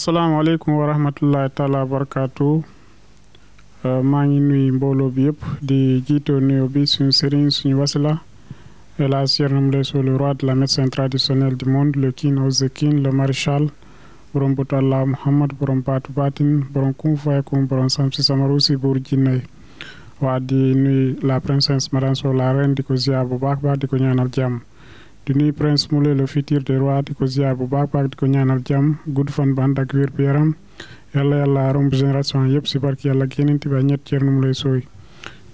asalaamaaleykum wa rahmatullahi taala wa barakaatu euh, maa ngi nuyu mbooloo bi yëpp di jiitoo nuy bi suñu sëriñ suñu wasila El Hadj Thierno Moule le roi de la médecine traditionnelle du monde le king of the king le maréchal Allah Muhammad borom baatu baatin borom kum fayakum borom sam si samaru si buur waa di nuy la princesse madame Sow la reine di ko ziar bu baax baax di ko ñaanal jàmm di nuyu prince Moulé le futur des rois di ko ziar bu baax baax di ko ñaanal jàmm gudd fan band ak wér yaram yàlla yàlla romb génération yëpp si barki yàlla ak yeneen tubaab ñett Thierno Moulé Sow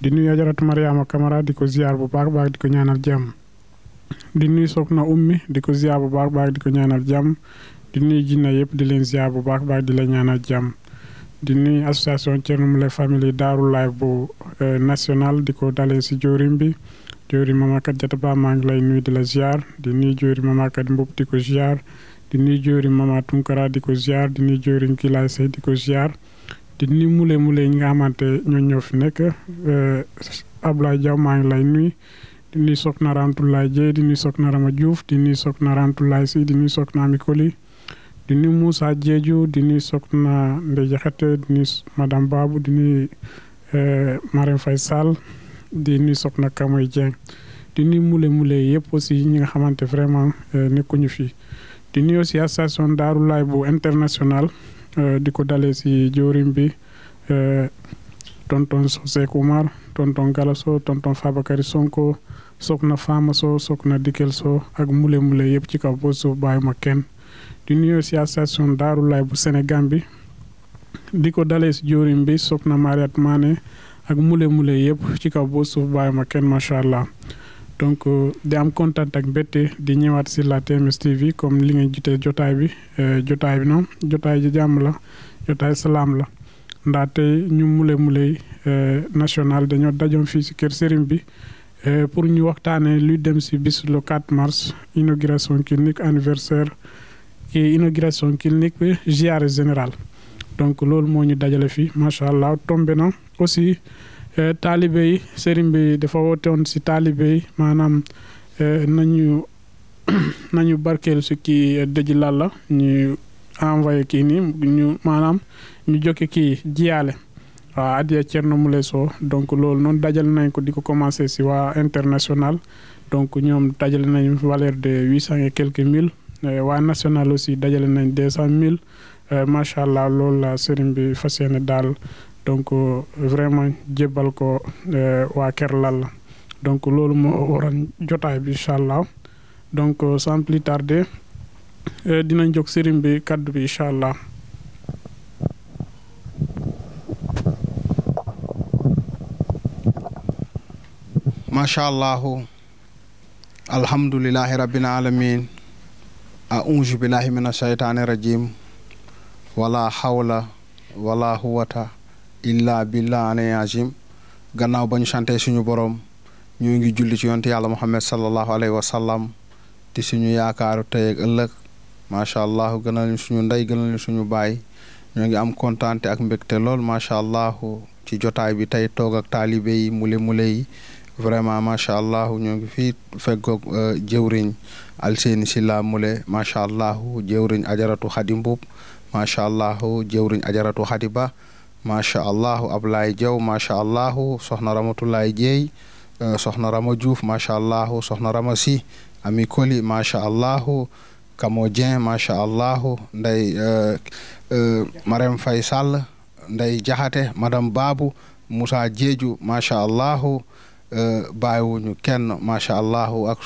di nuyu ajaratu Mariama Camara di ko ziar bu baax baax di ko ñaanal jàmm. di nuyu soxna ummi di ko ziar bu baax baax di ko ñaanal jàmm di nuyu jinne yëpp di leen ziar bu baax di la ñaanal jàmm. di nuyu association Thierno Moulé famille Darou bu euh, national di ko dalee si joorim bi. jëwri mamakat jata ba maa ngi lay nuyu di la ziar di nuyu jëwri mamakat mbub di ko ziar di nuyu mama tunkara di ko ziar di nuyu jëwri di ko ziar di mule mule ñi nga ñoo ñëw fi nekk Ablaye Diaw maa ngi lay nuyu di nuyu Sokhna Ramatoulaye Dieye di nuyu Sokhna Rama Diouf di nuyu Sokhna Ramatoulaye Sy di nuyu Sokhna Ami Koli di nuyu Moussa Diédiou di nuyu Sokhna Ndeye Diakhaté di nuyu madame Babou di di nuyu Soxna Kamoy Dieng di nuyu mule mule yëpp aussi ñi nga xamante vraiment euh, nekkuñu fii di nuyu si association Daaru Laay bu international euh, di ko dalee si joorim bi euh, tonton Sosek Oumar tonton Galasso tonton Fabakary Sonko Soxna Fama Sow Soxna Dikel Sow ak mule mule yëpp ci kaw boo suuf ma kenn di nuyu aussi association Daaru Laay bu Sénégal bi di ko dalee si joorim bi Soxna Mariat Mané ak mule mule yëpp ci kaw boo suuf baay ma kenn macha allah donc euh, di am kontaan ak mbette di ñëwaat si la TMS TV comme li nga jotee jotaay bi euh, jotaay bi noonu jotaay ji jàmm la jotaay salaam la ndaxte ñu mule mule euh, national dañoo dajoon fii si kër sëriñ bi pour ñu waxtaanee luy dem si bis le 4 mars inauguration clinique anniversaire et inauguration clinique bi ziare général donc loolu moo ñu dajale fii macha allah tombe na aussi euh, taalibe yi sëriñ bi dafa woon si taalibe yi maanaam euh, nañu nañu barkeel si kii euh, dëj lalla ñu envoyé kii nii ñu maanaam ñu jokke kii jiyaale waaw adiya Thierno Moule Sow donc loolu noon dajale nañ ko di ko commencé si waa international donc ñoom dajale nañ valeur de huit cent et quelques mille waa national aussi dajale nañ deux cent mille Euh, macha allah loolu la sëriñ bi fas yéene daal donc euh, vraiment jébbal ko euh, waa Kër Lalla donc loolu moo waroon jotaay bi incha allah donc sans plus tarder dinañ jog sëriñ bi kàddu bi incha allah. macha allah alhamdulilahi rabbil alamin a unju billahi min ashaytaani rajim wala xawla wala huwata illa billah alay azim gannaaw ba ñu sante suñu borom ñu ngi julli ci yonte yàlla muhammad sallallahu alayhi wa sallam di suñu yaakaaru tey ak ëllëg macha allah gënal ñu suñu ndey gënal suñu baay ñoo ngi am kontaante ak mbégte lool macha allah ci jotaay bi tey toog ak taalibe yi mule mule yi vraiment macha allah ñoo ngi fii feggoog euh, jëwriñ Alseeni Silla mule macha allah jëwriñ ajaratu xadi Buub macha allah jëwriñ ajaratu xadi ba macha allah Ablaye Jaw macha allah soxna Ramatulaay Jeey euh, soxna Rama Diouf macha allah soxna Rama Si ami Koli macha allah Kamo Dieng macha allah nday euh, euh, Marème Faye Sall nday Jaxate madame Babu Moussa Jeeju macha allah bàyyiwuñu kenn macha allah ak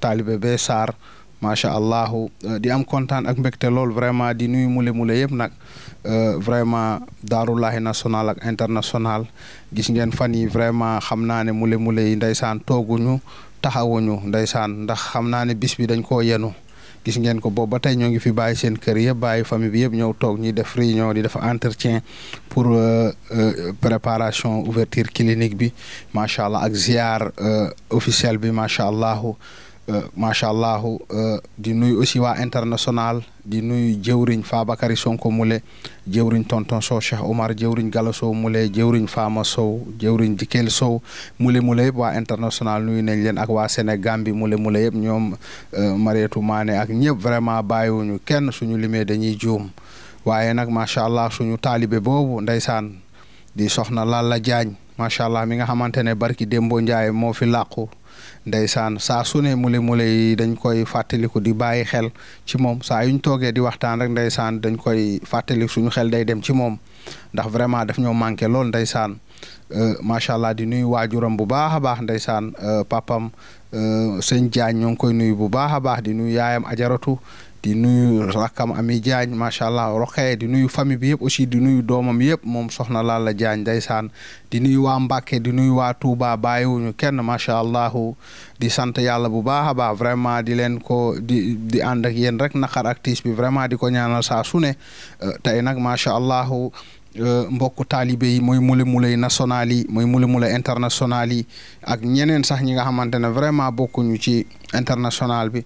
taalibe bee Saar. macha allah euh, di am kontaan ak mbégte lool vraiment di nuyu mule mule yëpp nag euh, vraiment daarulahi national ak international gis ngeen fan yi vraiment xam naa ne mule mule yi saan tooguñu taxawuñu ndeysaan ndax xam naa ne bis bi dañ koo yenu gis ngeen ko boobu ba tey ñoo ngi fi bàyyi seen kër yëpp bàyyi famille bi yëpp ñëw toog ñuy def réunion di def entretien pour euh, préparation ouverture clinique bi macha allah ak ziar officiel bi macha allah. Euh, macha allah euh, di nuyu aussi waa international di nuyu jëwriñ Fabakary Sonko Moule jëwriñ tonton Sow Cheikh Omar jëwriñ Gallo Sow Moule jëwriñ faama Sow jëwriñ Dikel Sow Moule Moule yëpp waa international nuyu nañ leen ak waa Sénégal bi mule Moule yëpp ñoom euh, Marietou Mané ak ñëpp vraiment bàyyiwuñu kenn suñu limee dañuy juum waaye nag macha allah suñu taalibe boobu ndeysaan di soxna Lalla Diagne macha allah mi nga xamante ne barki Dembo Ndiaye moo fi làqu ndeysaan saa su ne mule mule yi dañ koy fàttaliku di bàyyi xel ci moom saa yuñ toogee di waxtaan rek ndeysaan dañ koy fàttali suñu xel day dem ci moom ndax vraiment daf ñoo manqué lool ndeysaan euh, macha allah di nuyu waajuram bu baax a baax ndeysaan euh, papam euh, sëñ Diagne ñoo ngi koy nuyu bu baax a baax di nuyu yaayam ajaratu di nuyu rakkam Ami Diagne macha allah roqee di nuyu famille bi yëpp aussi di nuyu doomam yëpp moom soxna Lalla Diagne ndeysaan di nuyu waa Mbacke di nuyu waa Touba bàyyiwuñu kenn macha allah di sant yàlla bu baax a baax vraiment di leen ko di di ànd ak yéen rek naqar ak bi vraiment di ko ñaanal saa su ne euh, tey nag macha allah. Euh, mbokku taalibe yi mooy mule mule national yi mooy mule mule international yi ak ñeneen sax ñi nga xamante ne vraiment bokkuñu ci international bi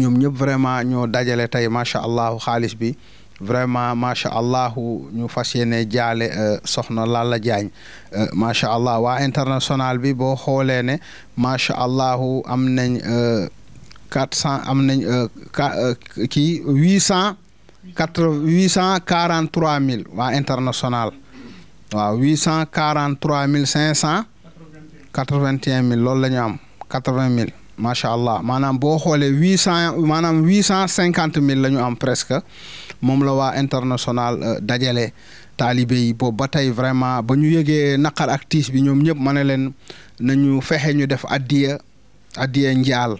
ñoom ñëpp vraiment ñoo dajale tey macha allah xaalis bi vraiment macha allah ñu fas yéene jaale euh, soxna Lalla Diagne euh, macha allah waa international bi boo xoolee ne macha allah am nañ euh, quatre cent am nañ kii huit cent quatre huit cent quarante trois mille waa international waaw huit cent quarante mille cinq cent quatre vingt mille loolu la ñu am quatre vingt mille. macha allah maanaam boo xoolee huit cent maanaam huit cent cinquante mille la ñu am presque moom la waa international euh, dajale taalibe yi boobu ba tey vraiment ba ñu yëgee naqar ak tiis bi ñoom ñëpp ma ne leen nañu fexe ñu def addiya addiya njaal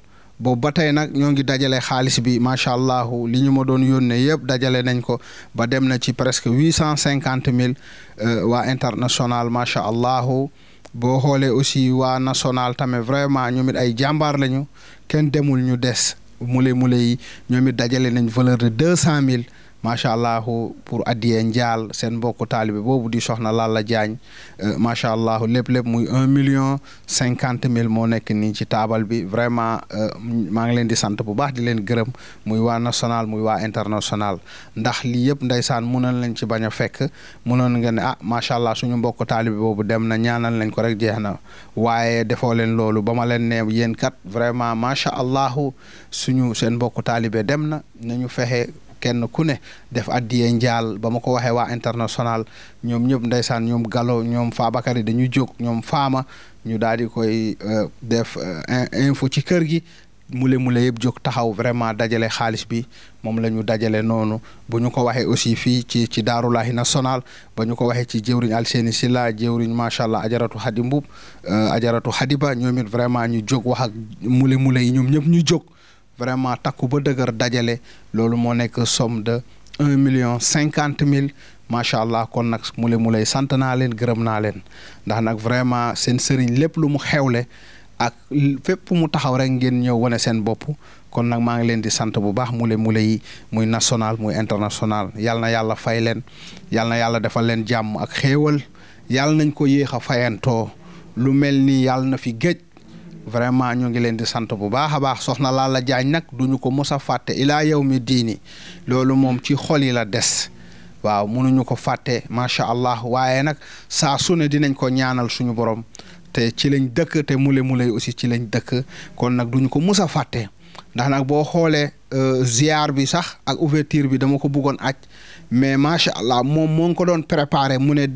boobu ba tey nag ñoo ngi dajale xaalis bi macha allah li ñu ma doon yónnee yëpp dajale nañ ko ba dem na ci presque huit cent cinquante mille euh, waa international macha allah. boo xoolee aussi waa national tamit vraiment ñoom ay jàmbaar lañu kenn demul ñu des mule mule yi ñoom it dajale nañ valeur deux cent mille macha allah pour addiyee njaal seen mbokku taalibe boobu di soxna laal Lalla Diagne euh, macha allah lépp lépp muy un million cinquante mille moo nekk nii ci taabal bi vraiment euh, maa ngi leen di sant bu baax di leen gërëm muy waa national muy waa international ndax lii yëpp ndeysaan mënoon leen ci bañ a fekk mënoon nga ne ah macha allah suñu mbokk taalibe boobu dem na ñaanal leen ko rek jeex na waaye defoo leen loolu ba ma leen ne yéen kat vraiment macha allah suñu seen mbokku taalibe dem na nañu fexe. kenn ku ne def addiyee njaal ba ma ko waxee waa international ñoom ñëpp ndeysaan ñoom Gallo ñoom Faabakari dañu jóg ñoom Faama ñu daal di koy euh, def euh, info ci kër gi mule mule yëpp jóg taxaw vraiment dajale xaalis bi moom la ñu dajale noonu bu ñu ko waxee aussi fii ci ci daarulahi national ba ñu ko waxee ci jëwriñ Alseeni Silla jëwriñ macha allah ajaratu xadi mbub euh, ajaratu xadiba ñoom it vraiment ñu jóg wax ak mule mule yi ñoom ñëpp ñu jóg vraiment takku ba dëgër dajale loolu moo nekk somme de un million cinquante mille macha allah kon nag mu le mu lay sant naa leen gërëm naa leen ndax nag vraiment seen sëriñ lépp lu mu xewle ak fépp mu taxaw rek ngeen ñëw wane seen bopp kon nag maa ngi leen di sant bu baax mule mule yi muy national muy international yal na yàlla fay leen yal na yàlla defal leen jàmm ak xéewal yal nañ ko yéex a fayantoo lu mel ni yàlla na fi géej vraiment ñu ngi leen di sant bu baax a baax soxna Lalla Diagne nag duñu ko mos a fàtte ilaa yow mi diini loolu moom ci xol yi la des waaw mënuñu ko fàtte macha allah waaye nag saa su ne dinañ ko ñaanal suñu borom te ci lañ dëkk te mule mule aussi ci lañ dëkk kon nag duñu ko mos a fàtte ndax nag boo xoolee euh, ziar bi sax ak ouverture bi dama ko buggoon aj mais macha allah moom moo ngi ko doon préparé mu ne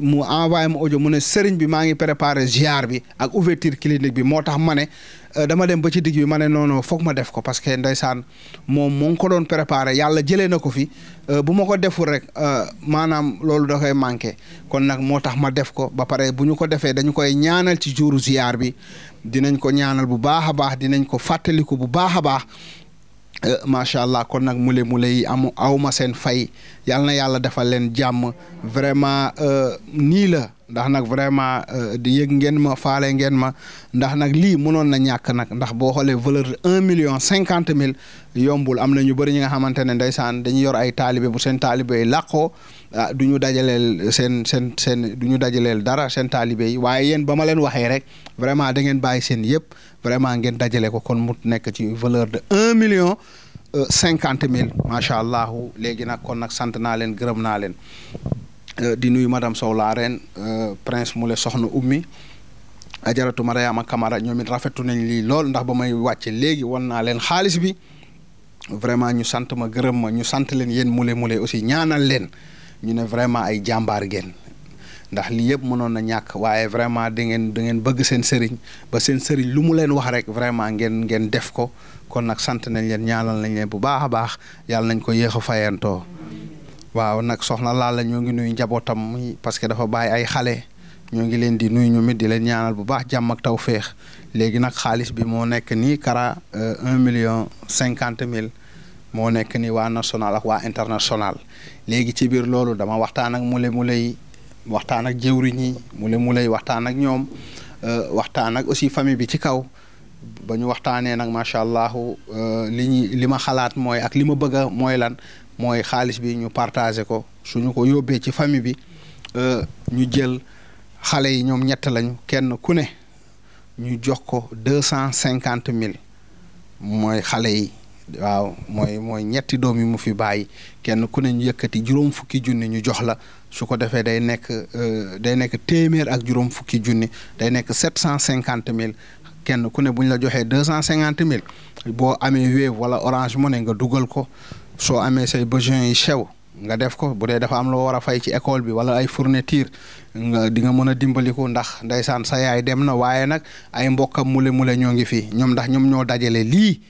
mu envoyé ma audio mu ne sëriñ bi maa ngi préparé ziar bi ak ouverture clinique bi moo tax ma ne euh, dama dem ba ci digg bi ma ne non foog ma def ko parce que ndeysaan moom moo ngi ko doon préparé yàlla jëlee na ko fi euh, bu ma ko deful rek euh, maanaam loolu da koy manqué kon nag moo tax ma def ko ba pare bu ñu ko defee dañu koy ñaanal ci juru ziar bi dinañ ko ñaanal bu baax a baax dinañ ko ko bu baax a baax. Euh, macha allah kon nag mule mule yi amu awma seen fay yal na yàlla defal leen jàmm vraiment euh, nii la ndax nag vraiment euh, di yëg ngeen ma faale ngeen ma ndax nag lii mënoon na ñàkk nag ndax boo xoolee valeur un million cinquante mille yombul am na ñu bëri ñi nga xamante ne ndeysaan dañuy yor ay taalibe bu seen taalibe yi làqoo ah du ñu dajaleel seen seen seen du ñu dajaleel dara seen taalibe waaye yéen ba ma leen waxee rek vraiment da ngeen bàyyi seen yëpp vraiment ngeen dajale ko kon mu nekk ci valeur de un million euh, cinquante mille macha allah léegi nag kon nag sant naa leen gërëm naa leen euh, di nuyu madame Sow la reine euh, prince Moule soxna ummi ajaratu Mariama Camara ñoom it rafetu nañ lii lool ndax ba may wàcce léegi wan naa leen xaalis bi vraiment ñu sant ma gërëm ma ñu sant leen yéen Moule Moule aussi ñaanal leen ñu ne vraiment ay jàmbaar ngeen ndax lii yëpp mënoon na ñàkk waaye vraiment da ngeen da ngeen bëgg seen sëriñ ba seen sëriñ lu mu leen wax rek vraiment ngeen ngeen def ko kon nag sant nañ leen ñaanal nañ leen bu baax a baax yàlla nañ ko yéex a fayantoo waaw nag soxna laal la ñoo ngi nuyu njabootam parce que dafa bàyyi ay xale ñoo ngi leen di nuyu ñu mit di leen ñaanal bu baax jàmm ak taw féex léegi nag xaalis bi moo nekk nii kara euh, un million cinquante mille moo nekk ni waa national ak waa international léegi ci biir loolu dama waxtaan ak mule mule yi waxtaan ak jëwriñ yi mule mule yi waxtaan ak ñoom euh, waxtaan ak aussi famille bi ci kaw ba ñu waxtaanee nag macha allah euh, li ñuy li ma xalaat mooy ak li ma bëgg mooy lan mooy xaalis bi ñu partagé ko suñu ko yóbbee ci famille bi euh, ñu jël xale yi ñoom ñett lañu kenn ku ne ñu jox ko deux cent cinquante mille mooy xale yi. waaw mooy mooy ñetti doom yi mu fi bàyyi kenn ku ne ñu yëkkati juróom fukki junni ñu jox la su ko defee day nekk euh, day nekk téeméer ak juróom fukki junni day nekk sept cent cinquante mille kenn ku ne bu ñu la joxee deux cent cinquante mille boo amee Wave wala Orange Money nga dugal ko soo amee say besoin yi sew nga def ko bu dee dafa am la war a fay ci école bi wala ay fourniture nga di nga mën a dimbaliku ndax ndeysaan sa yaay dem na waaye nag ay mbokkam mule mule ñoo ngi fi ñoom ndax ñoom ñoo dajale lii.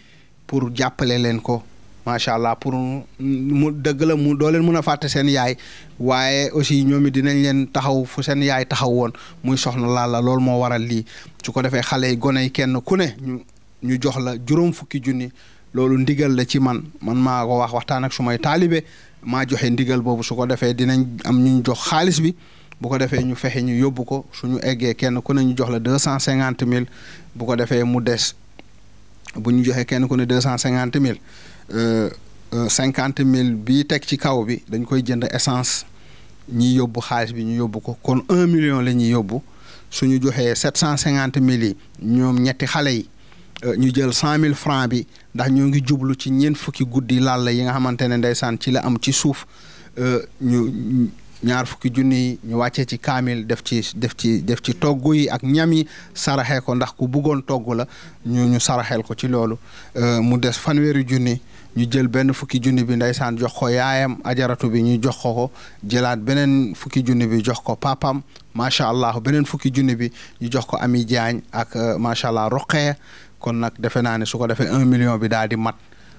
pour jàppale leen ko macha allah pour mu dëgg la mu doo mun a fàtte seen yaay waaye aussi ñoom it dinañ leen taxaw fu seen yaay taxaw woon muy soxna Lalla lool moo waral lii su ko defee xale yi gone yi kenn ku ne ñu ñu jox la juróom fukki junni loolu ndigal la ci man man maa ko wax waxtaan ak su may taalibe maa joxe ndigal boobu su ko defee dinañ am ñu ñu jox xaalis bi bu ko defee ñu fexe ñu yóbbu ko su ñu eggee kenn ku ne ñu jox la deux cent cinquante mille bu ko defee mu des. bu ñu joxee kenn ku ne deux cent cinquante mille euh, euh, cinquante mille bii teg ci kaw bi dañ koy jënd essence ñiy yóbbu xaalis bi ñu yóbbu ko kon un million la ñuy yóbbu ñu joxee sept cent cinquante mille yi ñoom ñetti xale yi euh, ñu jël cent mille franc bi ndax ñoo ngi jublu ci ñeent fukki guddi lalla yi nga xamante ne ndeysaan ci la am ci suuf ñu ñaar fukki junni ñu wàccee ci kaamil def ci def ci def ci togg yi ak ñam yi saraxee ko ndax ku bëggoon togg la ñu ñu saraxeel ko ci loolu euh, mu des fan fanweeri junni ñu jël benn fukki junni bi saan jox ko yaayam ajaratu bi ñu jox ko ko jëlaat beneen fukki junni bi jox ko papam macha allah beneen fukki junni bi ñu jox ko ami jaañ ak euh, macha allah roqee kon nag defe naa ne su ko defee un million bi daal di mat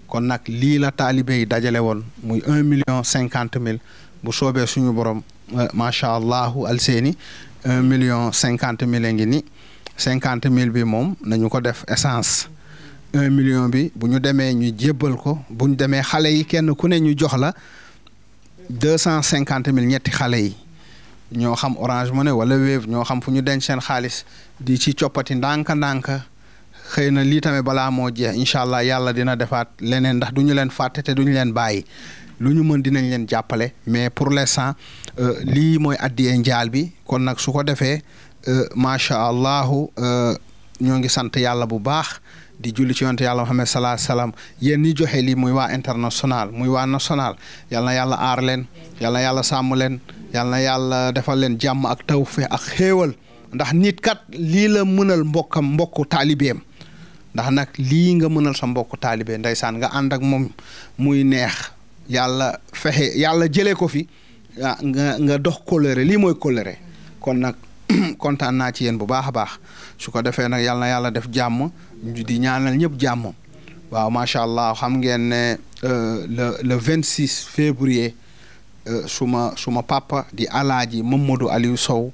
kon nag lii la taalibe yi dajale woon muy un million cinquante mille bu soobee suñu borom eh, macha allahu alseeni un million cinquante mille ngi ni cinquante mille bi moom nañu ko def essence un million bi bu ñu demee ñu jébbal ko bu ñu demee xale yi kenn ku ne ñu jox la deux cent cinquante mille ñetti xale yi ñoo xam Orange Money wala Wave ñoo xam fu ñu denc seen xaalis di ci coppati ndànk-ndànk xëy na lii tamit balaa moo jeex incha allah yàlla dina defaat leneen ndax du ñu leen fàtte te du leen bàyyi lu ñu mën dinañ leen jàppale mais pour l'instant euh, lii mooy addiyee njaal bi kon nag su ko defee euh, macha allahu euh, ñoo ngi sant yàlla bu baax di julli ci yonte yàlla Muhammad salaa salaam yéen ñi joxe lii muy waa international muy waa national yal yàlla aar leen yàlla yàlla sàmm leen yàlla yàlla defal leen jàmm ak tawfeex ak xéewal ndax nit kat lii la mënal mbokkam mbokku taalibeem ndax nag lii nga mënal sa mbokku taalibe ndeysaan nga ànd ak moom muy neex yàlla fexe yàlla jëlee ko fi ah, nga nga dox kóllëre lii mooy kóllëre kon nag kontaan naa ci yéen bu baax a baax su ko defee nag yàlla yàlla def jàmm di ñaanal ñëpp jàmm waaw macha allah xam ngeen ne euh, le le vingt six février euh, suma suma papa di alaaji Mamadou Aliou Sow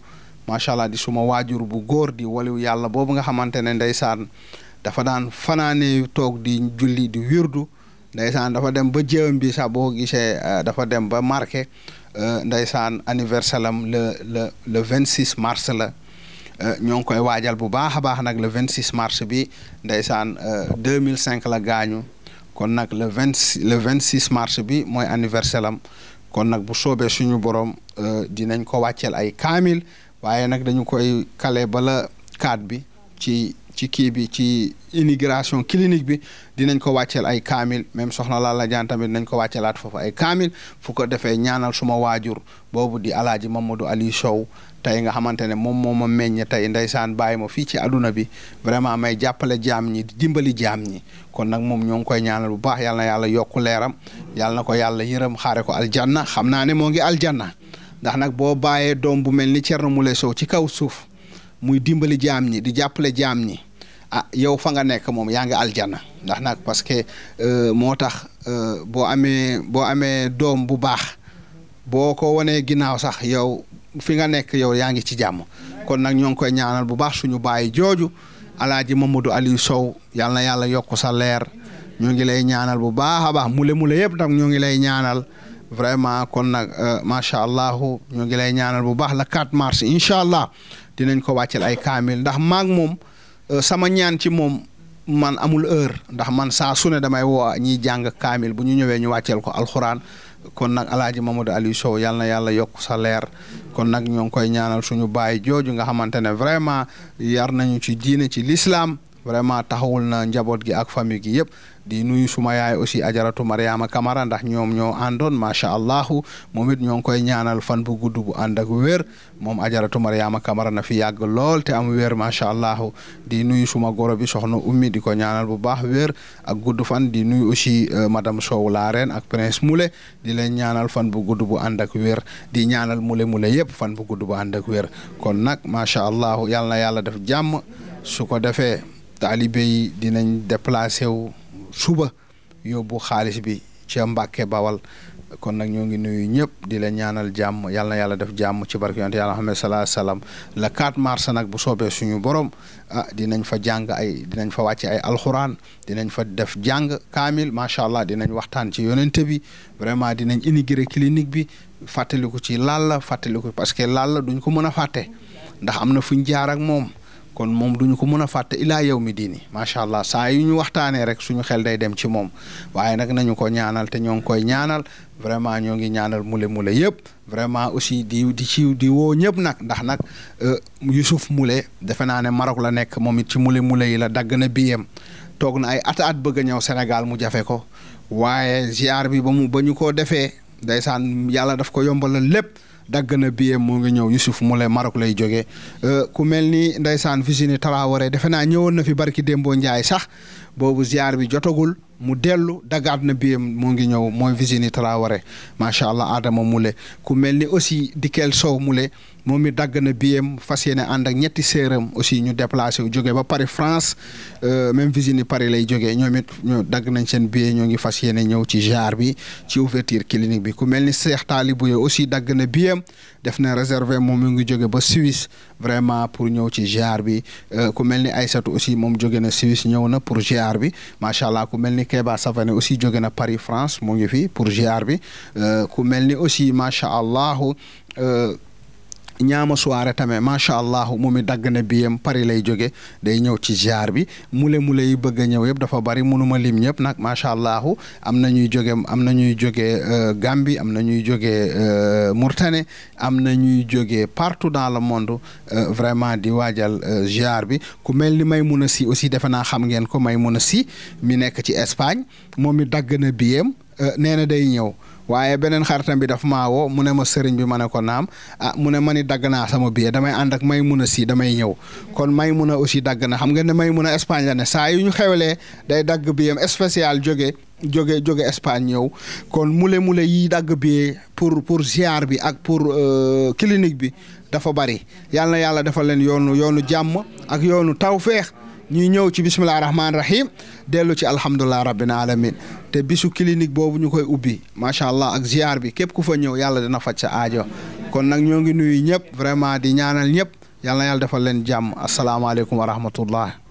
macha allah di suma waajur bu góor di waliw yàlla boobu nga xamante ne ndeysaan dafa daan fanaane toog di julli di wirdu ndeysaan dafa dem ba jéwam bi sax boo gisee euh, dafa dem ba marqué euh, ndeysaan anniversaire am le le le vingt six mars la euh, ñoo ngi koy waajal bu baax a baax nag le vingt six mars bi ndeysaan deux mille cinq la gaañu kon nag le vingt le vingt six mars bi mooy anniversaire am kon nag bu soobee suñu borom dinañ ko wàcceel ay kaamil waaye nag dañu koy kale bala kaat bi ci ci kii bi ci immigration clinique bi dinañ ko wàcceel ay kaamil même soxna Lalla Diagne tamit nañ ko wàcceelaat foofu ay kaamil fu ko defee ñaanal suma waajur boobu di alaaji du Aliou Sow tey nga xamante ne moom moo ma meññ tey ndeysaan bàyyi ma fii ci àdduna bi vraiment may jàppale jaam ñi di dimbali jaam ñi kon nag moom ñoo ngi koy ñaanal bu baax yal na yàlla yokku leeram yal ko yàlla yërëm xaare ko aljanna xam naa ne moo ngi aljanna ndax nag boo bàyyee doom bu mel ni Thierno Moule Sow ci kaw suuf muy dimbali jaam ñi di jàppale jaam ñi ah yow fa nga nekk moom yaa ngi aljana ndax nag parce que euh, moo tax euh, boo amee boo amee doom bu baax boo ko wanee ginnaaw sax yow fi nga nekk yow yaa ngi ci jàmm kon nag ñoo ngi koy ñaanal bu baax suñu baay jooju alaaji Mamadou Aliou Sow yal na yàlla yokk sa leer ñoo ngi lay ñaanal bu baax a baax mule mule yëpp nag ñoo ngi lay ñaanal vraiment kon nag euh, macha allah ñoo ngi lay ñaanal bu baax la 4 mars incha allah dinañ ko wàccel ay kaamil ndax maak moom. Euh, sama ñaan ci moom man amul heure ndax man saa su ne damay wo ñiy jàng kaamil bu ñu ñëwee ñu wàcceel ko alxuraan kon nag alaaji Mamadou Aliou Sow yal yàlla yokk sa leer kon nag ñoo ngi koy ñaanal suñu baay jooju nga xamante ne vraiment yar nañu ci diine ci lislaam vraiment taxawul na njaboot gi ak famille gi yëpp di nuyu suma yaay aussi ajaratu Mariama Camara ndax ñoom ñoo àndoon macha allah moom it ñoo ngi koy ñaanal fan bu gudd bu ànd ak wér moom ajaratu Mariama Camara na fi yàgg lool te am weer macha allah di nuyu suma goro bi soxna ummi di ko ñaanal bu baax wér ak gudd fan di nuyu aussi euh, madame Sow la reine ak prince Moule di leen ñaanal fan bu gudd bu ànd ak wér di ñaanal Moule Moule yëpp fan bu gudd bu ànd wér kon nag macha allah yàlla na yàlla def jàmm su ko defee taalibe yi dinañ déplacé wu. suba yóbbu xaalis bi ca Mbàkke Bawal kon nag ñoo ngi nuyu ñëpp di la ñaanal jàmm yal na yàlla def jàmm ci barke yonte yàlla Muhammad sallallahu alayhi wasallam le 4 mars nag bu soobee suñu borom ah dinañ fa jàng ay dinañ fa wàcce ay alxuraan dinañ fa def jàng kaamil macha allah dinañ waxtaan ci yonente bi vraiment dinañ inaugurer clinique bi fàttaliku ci laal la fàttaliku parce que laal la duñ ko mën a fàtte ndax am na fuñ jaar ak moom. kon moom duñu ko mën a fàtte ilaa yow mi diini macha allah saa yi ñu waxtaanee rek suñu xel day dem ci moom waaye nag nañu ko ñaanal te ñoo ngi koy ñaanal vraiment ñoo ngi ñaanal mule mule yëpp vraiment aussi di di ci di woo ñëpp nag ndax nag euh, Youssouf Moulé defe naa ne Maroc la nekk moom it ci mule mule yi la dagg na biyem toog na ay at at bëgg a ñëw Sénégal mu jafe ko waaye ziar bi ba mu ba ñu ko defee ndeysaan yàlla def ko yombalal lépp. dagg na billet mu ngi ñëw Youssouf Moulay Maroc lay jógee euh, ku mel ni ndeysaan fi si ni Traoré defe naa ñëwoon na fi barki Dembo Ndiaye sax boobu ziar bi jotagul mu dellu daggaat na biyam moo ngi ñëw mooy Virginie Traoré macha allah Adama Moule ku mel ni aussi soow mu le moom mi dagg na biyam fas yéene ànd ak ñetti séeram aussi ñu déplacé wu jógee ba Paris France euh, même visite ni Paris lay jógee ñoom it ñoo dagg nañ seen billet ñoo ngi fas yéene ñëw ci jaar bi ci ouverture clinique bi ku mel ni Cheikh Talibou Ye aussi dagg na biyam def na réservé moom mi ngi joge ba Suisse vraiment pour ñëw ci jaar bi euh, ku mel ni Aïssatou aussi moom jóge na Suisse ñëw na pour jaar bi macha allah ku mel ni Kéba Savané aussi jóge na Paris France mu ngi fi pour jaar bi euh, ku mel ni aussi macha allah. ñaama soirée tamit macha allah mu mi dagg na biyam Paris lay jóge day ñëw ci ziar bi mule mule yi bëgg a ñëw yëpp dafa bari munuma lim ñëpp nag macha allah am na ñuy jóge am na ñuy jóge euh, Gambie am na ñuy jóge euh, Mauritanie am na ñuy jóge partout dans le monde euh, vraiment di waajal ziar bi ku mel ni Maymuna Si aussi defe naa xam ngeen ko may Maymuna Si mi nekk ci Espagne moom mi dagg na biyam nee na day ñëw. waaye beneen xaritam bi dafa maa mu ne ma sëriñ bi ma ne ko naam a ah, mu ne ma ni dagg naa sama billet damay ànd ak may mun a si damay ñëw kon may mun a aussi dagg na xam nga ne may mun a Espagne la ne saa yu ñu xewlee day dagg billet am spécial jóge jóge jóge Espagne ñëw kon mule mule yi dagg bi pour pour ziar bi ak pour euh, clinique bi dafa bari yàlla yàlla dafa leen yoonu yoonu jàmm ak yoonu tawféex ñuy ñëw ci bisimilah rahmaani rahim dellu ci alhamdulilah rabbil alamin te bisu clinique boobu ñu koy ubbi macha allah ak ziar bi képp ku fa ñëw yàlla de na faj sa aajo kon nag ñoo ngi nuyu ñëpp vraiment di ñaanal ñëpp yàlla yàlla defal leen jàmm asalaamaaleykum wa rahmatullah